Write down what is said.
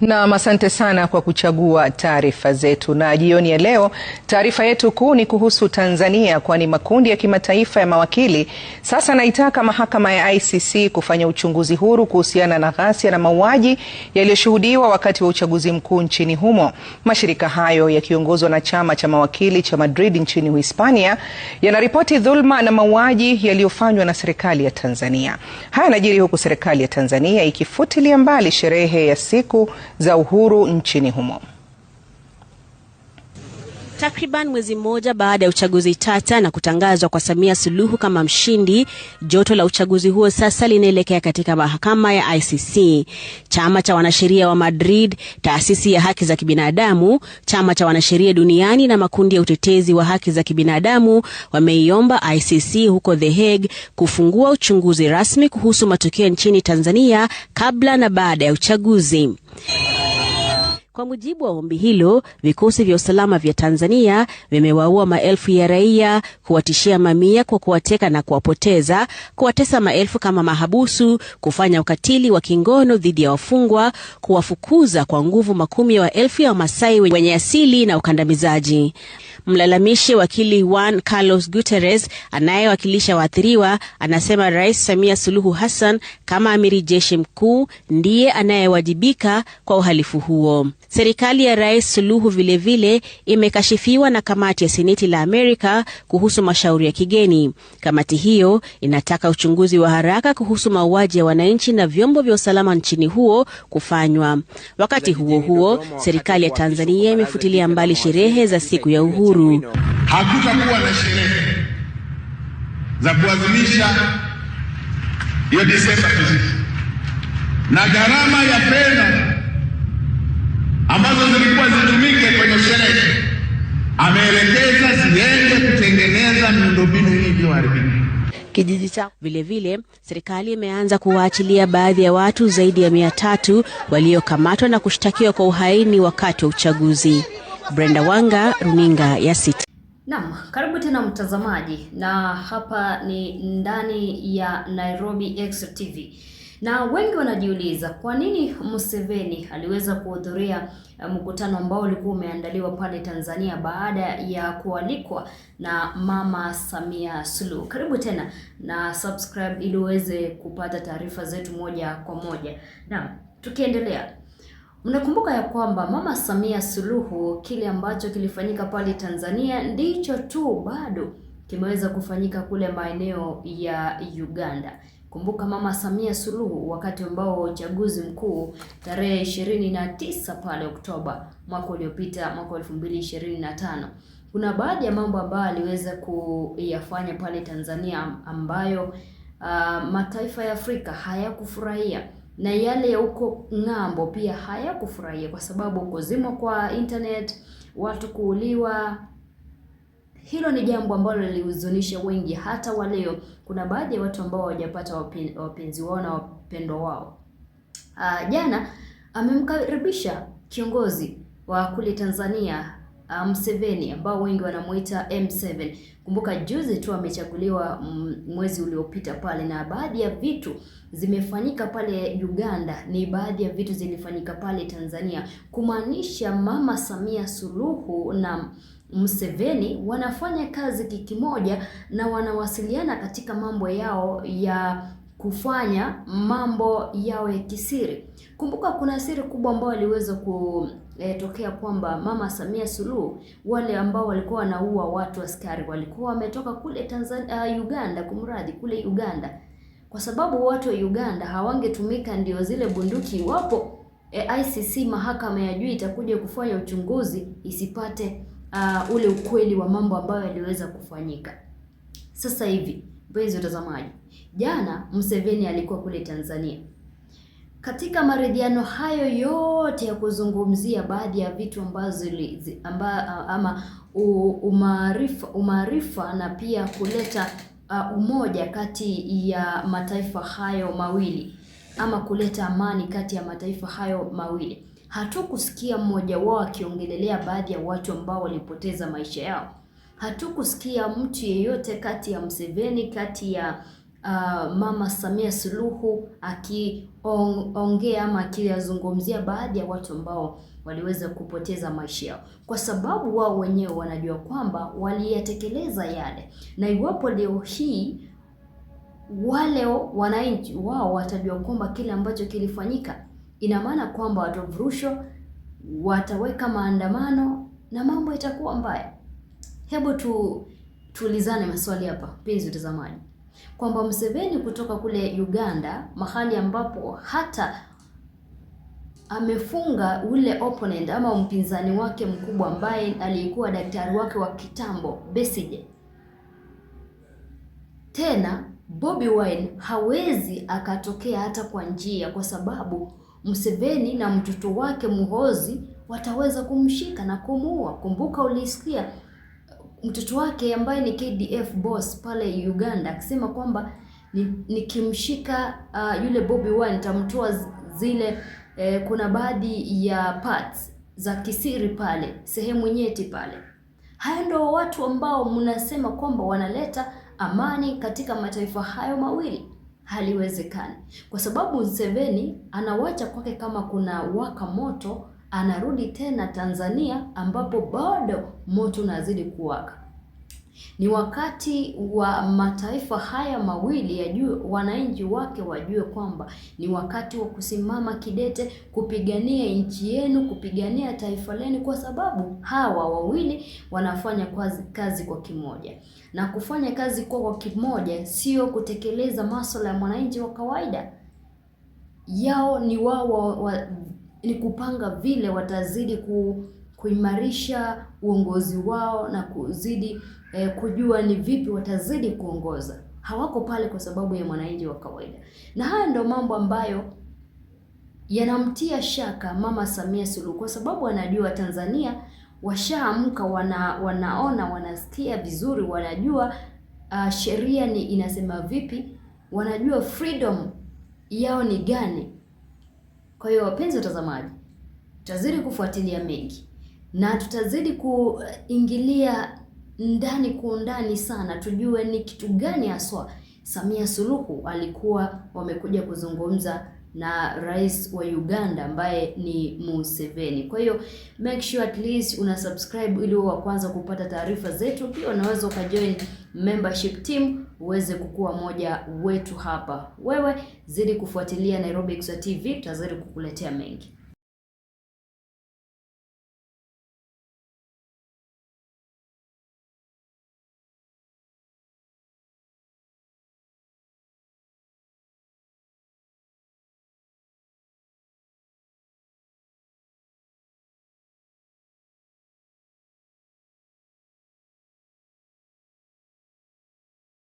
Nam, asante sana kwa kuchagua taarifa zetu. Na jioni ya leo taarifa yetu kuu ni kuhusu Tanzania, kwani makundi ya kimataifa ya mawakili sasa naitaka mahakama ya ICC kufanya uchunguzi huru kuhusiana na ghasia na mauaji yaliyoshuhudiwa wakati wa uchaguzi mkuu nchini humo. Mashirika hayo yakiongozwa na chama cha mawakili cha Madrid nchini Uhispania yanaripoti dhulma na mauaji yaliyofanywa na serikali ya Tanzania. Haya yanajiri huku serikali ya Tanzania ikifutilia mbali sherehe ya siku za uhuru nchini humo. Takriban mwezi mmoja baada ya uchaguzi tata na kutangazwa kwa Samia Suluhu kama mshindi, joto la uchaguzi huo sasa linaelekea katika mahakama ya ICC. Chama cha wanasheria wa Madrid, taasisi ya haki za kibinadamu, chama cha wanasheria duniani na makundi ya utetezi wa haki za kibinadamu wameiomba ICC huko The Hague kufungua uchunguzi rasmi kuhusu matukio nchini Tanzania kabla na baada ya uchaguzi. Kwa mujibu wa ombi hilo, vikosi vya usalama vya Tanzania vimewaua maelfu ya raia, kuwatishia mamia kwa kuwateka na kuwapoteza, kuwatesa maelfu kama mahabusu, kufanya ukatili wa kingono dhidi ya wafungwa, kuwafukuza kwa nguvu makumi ya waelfu ya Wamasai wenye asili na ukandamizaji. Mlalamishi wakili Juan Carlos Guterres anayewakilisha waathiriwa anasema Rais Samia Suluhu Hassan kama amiri jeshi mkuu ndiye anayewajibika kwa uhalifu huo. Serikali ya Rais Suluhu vilevile imekashifiwa na kamati ya Seneti la Amerika kuhusu mashauri ya kigeni. Kamati hiyo inataka uchunguzi wa haraka kuhusu mauaji ya wananchi na vyombo vya usalama nchini huo kufanywa. Wakati huo huo, serikali ya Tanzania imefutilia mbali sherehe za siku ya uhuru. Hakutakuwa na sherehe za kuadhimisha hiyo Desemba, na gharama ya fedha ambazo zilikuwa zitumike kwenye sherehe, ameelekeza ziende kutengeneza miundombinu hii iliyoharibika kijiji chao. Vilevile, serikali imeanza kuwaachilia baadhi ya watu zaidi ya mia tatu waliokamatwa na kushtakiwa kwa uhaini wakati wa uchaguzi. Brenda Wanga, runinga ya City. Naam, karibu tena mtazamaji, na hapa ni ndani ya Nairobi Extra TV. Na wengi wanajiuliza kwa nini Museveni aliweza kuhudhuria eh, mkutano ambao ulikuwa umeandaliwa pale Tanzania baada ya kualikwa na Mama Samia Suluhu. Karibu tena na subscribe ili uweze kupata taarifa zetu moja kwa moja. Na tukiendelea Mnakumbuka ya kwamba Mama Samia Suluhu, kile ambacho kilifanyika pale Tanzania ndicho tu bado kimeweza kufanyika kule maeneo ya Uganda. Kumbuka Mama Samia Suluhu wakati ambao wa uchaguzi mkuu tarehe ishirini na tisa pale Oktoba mwaka uliopita mwaka elfu mbili ishirini na tano kuna baadhi ya mambo ambayo aliweza kuyafanya pale Tanzania ambayo uh, mataifa ya Afrika hayakufurahia na yale ya huko ng'ambo pia hayakufurahia, kwa sababu kuzimwa kwa internet, watu kuuliwa hilo ni jambo ambalo lilihuzunisha wengi, hata wa leo kuna baadhi ya watu ambao hawajapata wapenzi wao na wapendwa wao. Ah, jana amemkaribisha kiongozi wa kule Tanzania Uh, Mseveni ambao wengi wanamuita M7. Kumbuka juzi tu amechaguliwa mm, mwezi uliopita pale, na baadhi ya vitu zimefanyika pale Uganda, ni baadhi ya vitu zilifanyika pale Tanzania, kumaanisha Mama Samia Suluhu na Mseveni wanafanya kazi kikimoja na wanawasiliana katika mambo yao ya kufanya mambo yawe kisiri. Kumbuka kuna siri kubwa ambayo aliweza kutokea eh, kwamba Mama Samia Suluhu, wale ambao walikuwa wanaua watu askari walikuwa wametoka kule Tanzania, uh, Uganda, kumradhi kule Uganda, kwa sababu watu wa Uganda hawangetumika ndio zile bunduki iwapo e, eh, ICC mahakama ya juu itakuja kufanya uchunguzi isipate uh, ule ukweli wa mambo ambayo yaliweza kufanyika sasa hivi Mpenzi watazamaji, jana Museveni alikuwa kule Tanzania. Katika maridhiano hayo yote ya kuzungumzia baadhi ya vitu ambazo amba, ama umaarifa umaarifa na pia kuleta uh, umoja kati ya mataifa hayo mawili ama kuleta amani kati ya mataifa hayo mawili, hatukusikia mmoja wao akiongelelea baadhi ya watu ambao walipoteza maisha yao hatukusikia mtu yeyote kati ya Mseveni, kati ya uh, Mama Samia Suluhu akiongea ama akiyazungumzia baadhi ya watu ambao waliweza kupoteza maisha yao, kwa sababu wao wenyewe wanajua kwamba waliyatekeleza yale, na iwapo leo hii wale wananchi wao watajua kwamba kile ambacho kilifanyika, ina maana kwamba watovurusho wataweka maandamano na mambo itakuwa mbaya. Hebu tu tuulizane maswali hapa, mpenzi mtazamaji, kwamba Museveni kutoka kule Uganda, mahali ambapo hata amefunga ule opponent ama mpinzani wake mkubwa ambaye alikuwa daktari wake wa kitambo Besigye. Tena Bobi Wine hawezi akatokea hata kwa njia, kwa sababu Museveni na mtoto wake Muhozi wataweza kumshika na kumuua. Kumbuka ulisikia mtoto wake ambaye ni KDF boss pale Uganda akisema kwamba nikimshika ni uh, yule Bobi Wine nitamtoa zile eh, kuna baadhi ya parts za kisiri pale sehemu nyeti pale. Haya ndo watu ambao mnasema kwamba wanaleta amani katika mataifa hayo mawili. Haliwezekani, kwa sababu Museveni anawacha kwake kama kuna waka moto anarudi tena Tanzania ambapo bado moto unazidi kuwaka. Ni wakati wa mataifa haya mawili yajue, wananchi wake wajue kwamba ni wakati wa kusimama kidete kupigania nchi yenu, kupigania taifa lenu, kwa sababu hawa wawili wanafanya kazi, kazi kwa kimoja. Na kufanya kazi kwa kwa kimoja sio kutekeleza masuala ya mwananchi wa kawaida yao, ni wao wa, wa, ni kupanga vile watazidi ku, kuimarisha uongozi wao na kuzidi eh, kujua ni vipi watazidi kuongoza. Hawako pale kwa sababu ya mwananchi wa kawaida, na haya ndio mambo ambayo yanamtia shaka Mama Samia Suluhu kwa sababu anajua Tanzania washaamka, wana, wanaona wanasikia vizuri, wanajua uh, sheria ni inasema vipi, wanajua freedom yao ni gani kwa hiyo wapenzi watazamaji, tutazidi kufuatilia mengi na tutazidi kuingilia ndani kwa undani sana, tujue ni kitu gani haswa Samia Suluhu alikuwa wamekuja kuzungumza na rais wa Uganda ambaye ni Museveni. Kwa hiyo make sure at least una subscribe ili wa kwanza kupata taarifa zetu. Pia unaweza ukajoin membership team uweze kukuwa moja wetu hapa. Wewe zidi kufuatilia Nairobi Extra TV, tutazidi kukuletea mengi.